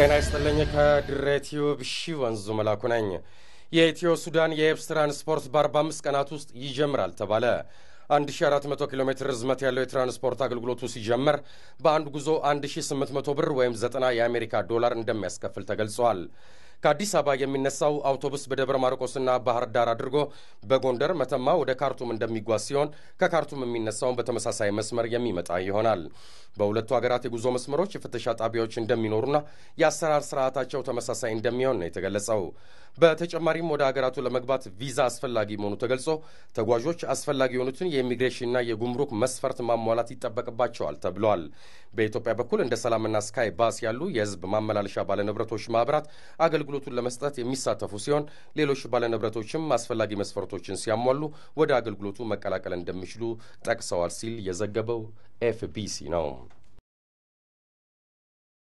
ጤና ይስጥልኝ። ከድሬ ቲዩብ ሺ ወንዙ መላኩ ነኝ። የኢትዮ ሱዳን የየብስ ትራንስፖርት በ45 ቀናት ውስጥ ይጀምራል ተባለ። 1400 ኪሎ ሜትር ርዝመት ያለው የትራንስፖርት አገልግሎቱ ሲጀመር በአንድ ጉዞ 1800 ብር ወይም 90 የአሜሪካ ዶላር እንደሚያስከፍል ተገልጿል። ከአዲስ አበባ የሚነሳው አውቶቡስ በደብረ ማርቆስና ባህር ዳር አድርጎ በጎንደር መተማ ወደ ካርቱም እንደሚጓዝ ሲሆን ከካርቱም የሚነሳውን በተመሳሳይ መስመር የሚመጣ ይሆናል። በሁለቱ ሀገራት የጉዞ መስመሮች የፍተሻ ጣቢያዎች እንደሚኖሩና የአሰራር ስርዓታቸው ተመሳሳይ እንደሚሆን ነው የተገለጸው። በተጨማሪም ወደ ሀገራቱ ለመግባት ቪዛ አስፈላጊ መሆኑ ተገልጾ ተጓዦች አስፈላጊ የሆኑትን የኢሚግሬሽንና የጉምሩክ መስፈርት ማሟላት ይጠበቅባቸዋል ተብሏል። በኢትዮጵያ በኩል እንደ ሰላምና ስካይ ባስ ያሉ የህዝብ ማመላለሻ ባለንብረቶች ማኅበራት አገልግሎ አገልግሎቱን ለመስጠት የሚሳተፉ ሲሆን ሌሎች ባለንብረቶችም አስፈላጊ መስፈርቶችን ሲያሟሉ ወደ አገልግሎቱ መቀላቀል እንደሚችሉ ጠቅሰዋል ሲል የዘገበው ኤፍቢሲ ነው።